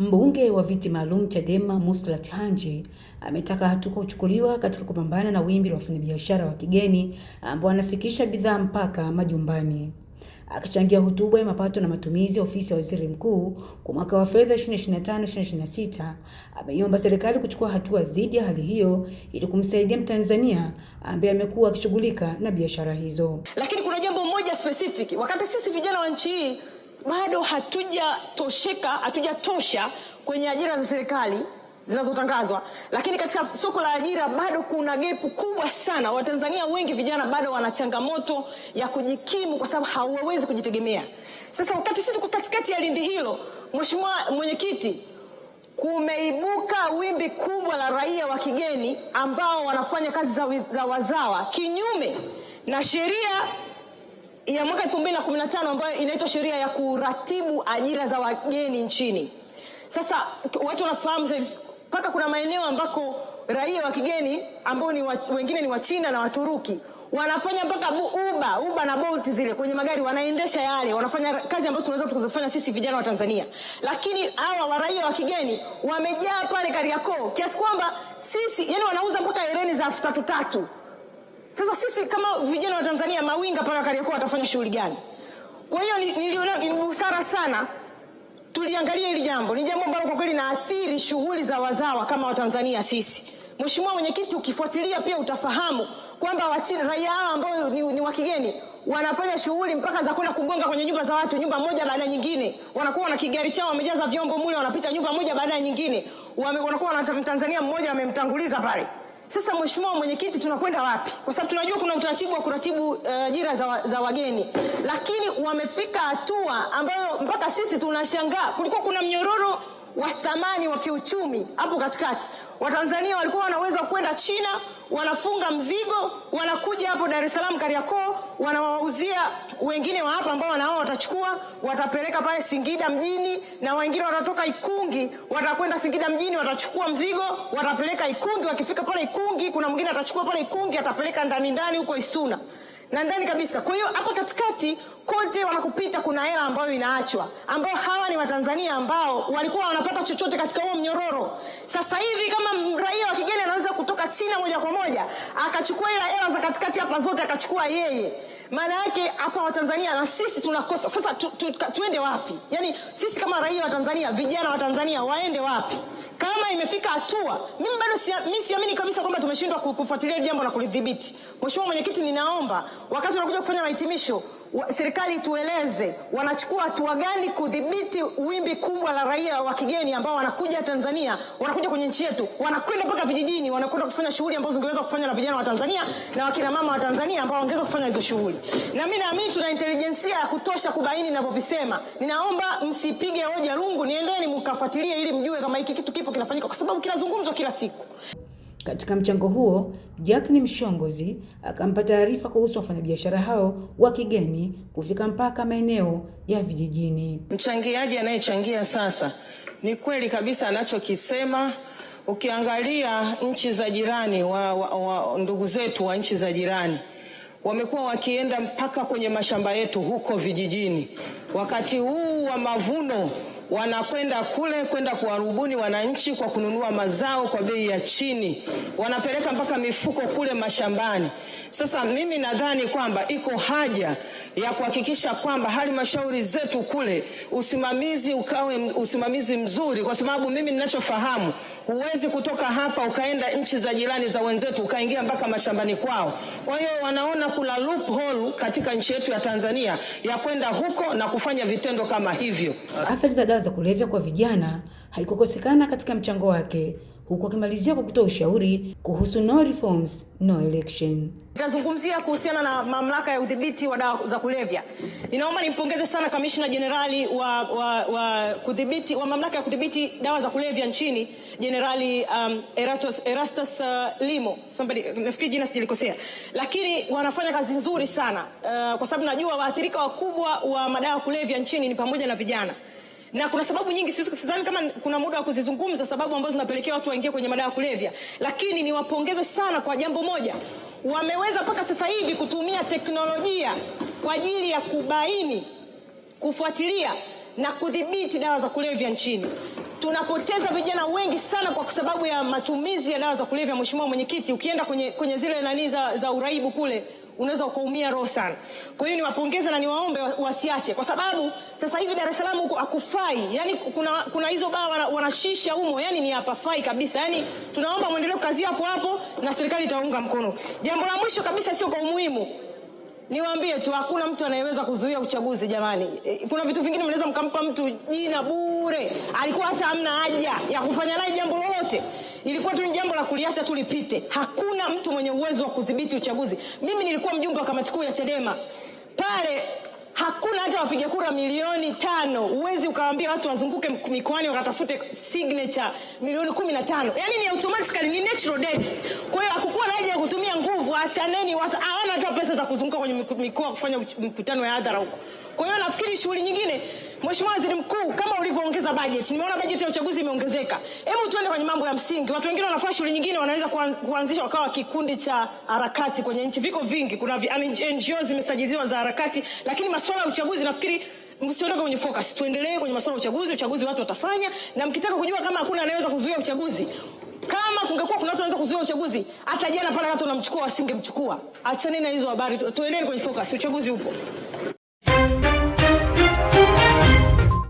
Mbunge wa viti maalum Chadema Muslat Hanji ametaka hatua kuchukuliwa katika kupambana na wimbi la wafanyabiashara wa kigeni ambao wanafikisha bidhaa mpaka majumbani. Akichangia hotuba ya mapato na matumizi ya ofisi ya waziri mkuu kwa mwaka wa fedha 2025/2026 ameiomba serikali kuchukua hatua dhidi ya hali hiyo ili kumsaidia Mtanzania ambaye amekuwa akishughulika na biashara hizo. Lakini kuna jambo moja specific, wakati sisi vijana wa nchi hii bado hatujatosheka, hatujatosha kwenye ajira za serikali zinazotangazwa, lakini katika soko la ajira bado kuna gepu kubwa sana. Watanzania wengi vijana bado wana changamoto ya kujikimu kwa sababu hawawezi kujitegemea. Sasa wakati sisi tuko katikati ya lindi hilo, Mheshimiwa Mwenyekiti, kumeibuka wimbi kubwa la raia wa kigeni ambao wanafanya kazi za wazawa kinyume na sheria ya mwaka 2015 ambayo inaitwa sheria ya kuratibu ajira za wageni nchini. Sasa watu wanafahamu mpaka kuna maeneo ambako raia wa kigeni ambao ni wa, wengine ni wa China na Waturuki wanafanya mpaka uba uba na Bolt zile kwenye magari wanaendesha yale, wanafanya kazi ambazo tunaweza tukazifanya sisi vijana wa Tanzania, lakini hawa waraia wa kigeni wamejaa pale Kariakoo kiasi kwamba sisi, yani wanauza mpaka hereni za elfu tatu tatu sasa sisi kama vijana wa Tanzania, mawinga paka Kariakoo watafanya shughuli gani? Kwa hiyo niliona ni ni, ni busara sana tuliangalia hili jambo. Ni jambo ambalo kwa kweli naathiri shughuli za wazawa kama Watanzania sisi. Mheshimiwa Mwenyekiti, ukifuatilia pia utafahamu kwamba Wachina raia hao ambao ni, ni wa kigeni wanafanya shughuli mpaka za kwenda kugonga kwenye nyumba za watu, nyumba moja baada ya nyingine. Wanakuwa na kigari chao wamejaza vyombo mule, wanapita nyumba moja baada ya nyingine, wanakuwa na Mtanzania mmoja wamemtanguliza pale. Sasa mheshimiwa mwenyekiti, tunakwenda wapi? Kwa sababu tunajua kuna utaratibu wa kuratibu eh, ajira uh, za, za wageni, lakini wamefika hatua ambayo mpaka sisi tunashangaa. Kulikuwa kuna mnyororo wa thamani wa kiuchumi hapo katikati. Watanzania walikuwa wanaweza kwenda China, wanafunga mzigo, wanakuja hapo Dar es Salaam Kariakoo, wanawauzia wengine wa hapa ambao wanao watachukua, watapeleka pale Singida mjini, na wengine watatoka Ikungi, watakwenda Singida mjini, watachukua mzigo, watapeleka Ikungi. Wakifika pale Ikungi, kuna mwingine atachukua pale Ikungi, atapeleka ndani ndani huko Isuna na ndani kabisa. Kwa hiyo hapo katikati kodi kupita kuna hela ambayo inaachwa, ambao hawa ni Watanzania ambao walikuwa wanapata chochote katika huo mnyororo. Sasa hivi kama raia wa kigeni anaweza kutoka China moja kwa moja akachukua ila hela za katikati hapa zote akachukua yeye, maana yake hapa Watanzania na sisi tunakosa. Sasa tu, tu, tuende wapi? Yani sisi kama raia wa Tanzania, vijana wa Tanzania waende wapi? Kama imefika hatua, mimi bado mimi siamini kabisa kwamba tumeshindwa kufuatilia jambo na kulidhibiti. Mheshimiwa Mwenyekiti, ninaomba wakati unakuja kufanya mahitimisho serikali tueleze wanachukua hatua gani kudhibiti wimbi kubwa la raia wa kigeni ambao wanakuja Tanzania, wanakuja kwenye nchi yetu, wanakwenda mpaka vijijini, wanakwenda kufanya shughuli ambazo zingeweza kufanywa na vijana wa Tanzania na wakina mama wa Tanzania ambao wangeweza kufanya hizo shughuli. Na mimi naamini tuna intelijensia ya kutosha kubaini ninavyovisema. Ninaomba msipige hoja lungu, niendeni mkafuatilie ili mjue kama hiki kitu kipo kinafanyika, kwa sababu kinazungumzwa kila siku. Katika mchango huo, Jackline Mshongozi akampa taarifa kuhusu wafanyabiashara hao wa kigeni kufika mpaka maeneo ya vijijini. Mchangiaji anayechangia sasa, ni kweli kabisa anachokisema. Ukiangalia nchi za jirani wa, wa, wa ndugu zetu wa nchi za jirani wamekuwa wakienda mpaka kwenye mashamba yetu huko vijijini wakati huu wa mavuno wanakwenda kule kwenda kuwarubuni wananchi kwa kununua mazao kwa bei ya chini, wanapeleka mpaka mifuko kule mashambani. Sasa mimi nadhani kwamba iko haja ya kuhakikisha kwamba halmashauri zetu kule usimamizi ukawe usimamizi mzuri, kwa sababu mimi ninachofahamu, huwezi kutoka hapa ukaenda nchi za jirani za wenzetu ukaingia mpaka mashambani kwao. Kwa hiyo wanaona kuna loophole katika nchi yetu ya Tanzania ya kwenda huko na kufanya vitendo kama hivyo dawa za kulevya kwa vijana haikukosekana katika mchango wake, huku akimalizia kwa kutoa ushauri kuhusu no reforms no election. Nitazungumzia kuhusiana na mamlaka ya udhibiti wa dawa za kulevya. Ninaomba nimpongeze sana kamishna jenerali wa, wa, wa, kudhibiti, wa mamlaka ya kudhibiti dawa za kulevya nchini Jenerali um, Erastus, Erastus uh, Limo, nafikiri jina sijalikosea, lakini wanafanya kazi nzuri sana uh, kwa sababu najua waathirika wakubwa wa madawa kulevya nchini ni pamoja na vijana na kuna sababu nyingi, sidhani kama kuna muda wa kuzizungumza sababu ambazo zinapelekea watu waingie kwenye madawa ya kulevya, lakini niwapongeze sana kwa jambo moja, wameweza mpaka sasa hivi kutumia teknolojia kwa ajili ya kubaini, kufuatilia na kudhibiti dawa za kulevya nchini. Tunapoteza vijana wengi sana kwa sababu ya matumizi ya dawa za kulevya. Mheshimiwa Mwenyekiti, ukienda kwenye, kwenye zile nani za, za uraibu kule unaweza ukaumia roho sana. Kwa hiyo niwapongeze na niwaombe wasiache, kwa sababu sasa hivi Dar es Salaam huko akufai yani kuna, kuna hizo baa wanashisha humo, yani ni apafai kabisa. Yani tunaomba mwendelee kukazia hapo hapo na serikali itaunga mkono. Jambo la mwisho kabisa, sio kwa umuhimu Niwaambie tu hakuna mtu anayeweza kuzuia uchaguzi jamani. Eh, kuna vitu vingine mnaweza mkampa mtu jina bure, alikuwa hata hamna haja ya kufanya naye jambo lolote, ilikuwa tu ni jambo la kuliacha tu lipite. Hakuna mtu mwenye uwezo wa kudhibiti uchaguzi. Mimi nilikuwa mjumbe wa kamati kuu ya Chadema ukiwaita wapiga kura milioni tano huwezi ukawaambia watu wazunguke mikoani wakatafute signature milioni kumi na tano yaani ni automatically ni natural death. Kwa hiyo hakukuwa na haja ya kutumia nguvu, achaneni watu, hawana hata pesa za kuzunguka kwenye mikoa kufanya mkutano ya hadhara huko. Kwa hiyo nafikiri shughuli nyingine Mheshimiwa Waziri Mkuu, kama ulivyoongeza bajeti, nimeona bajeti ya uchaguzi imeongezeka. Hebu tuende kwenye mambo ya msingi. Watu wengine wanafanya shughuli nyingine, wanaweza kuanzisha wakawa kikundi cha harakati kwenye nchi. Viko vingi, kuna NGO zimesajiliwa za harakati, lakini masuala ya uchaguzi nafikiri msiondoke kwenye focus, tuendelee kwenye masuala ya uchaguzi. Uchaguzi watu watafanya, na mkitaka kujua kama hakuna anayeweza kuzuia uchaguzi kama kungekuwa kuna watu wanaweza kuzuia uchaguzi, hata jana pale watu wanamchukua wasingemchukua. Achaneni na hizo habari, tuendelee kwenye focus. Uchaguzi upo.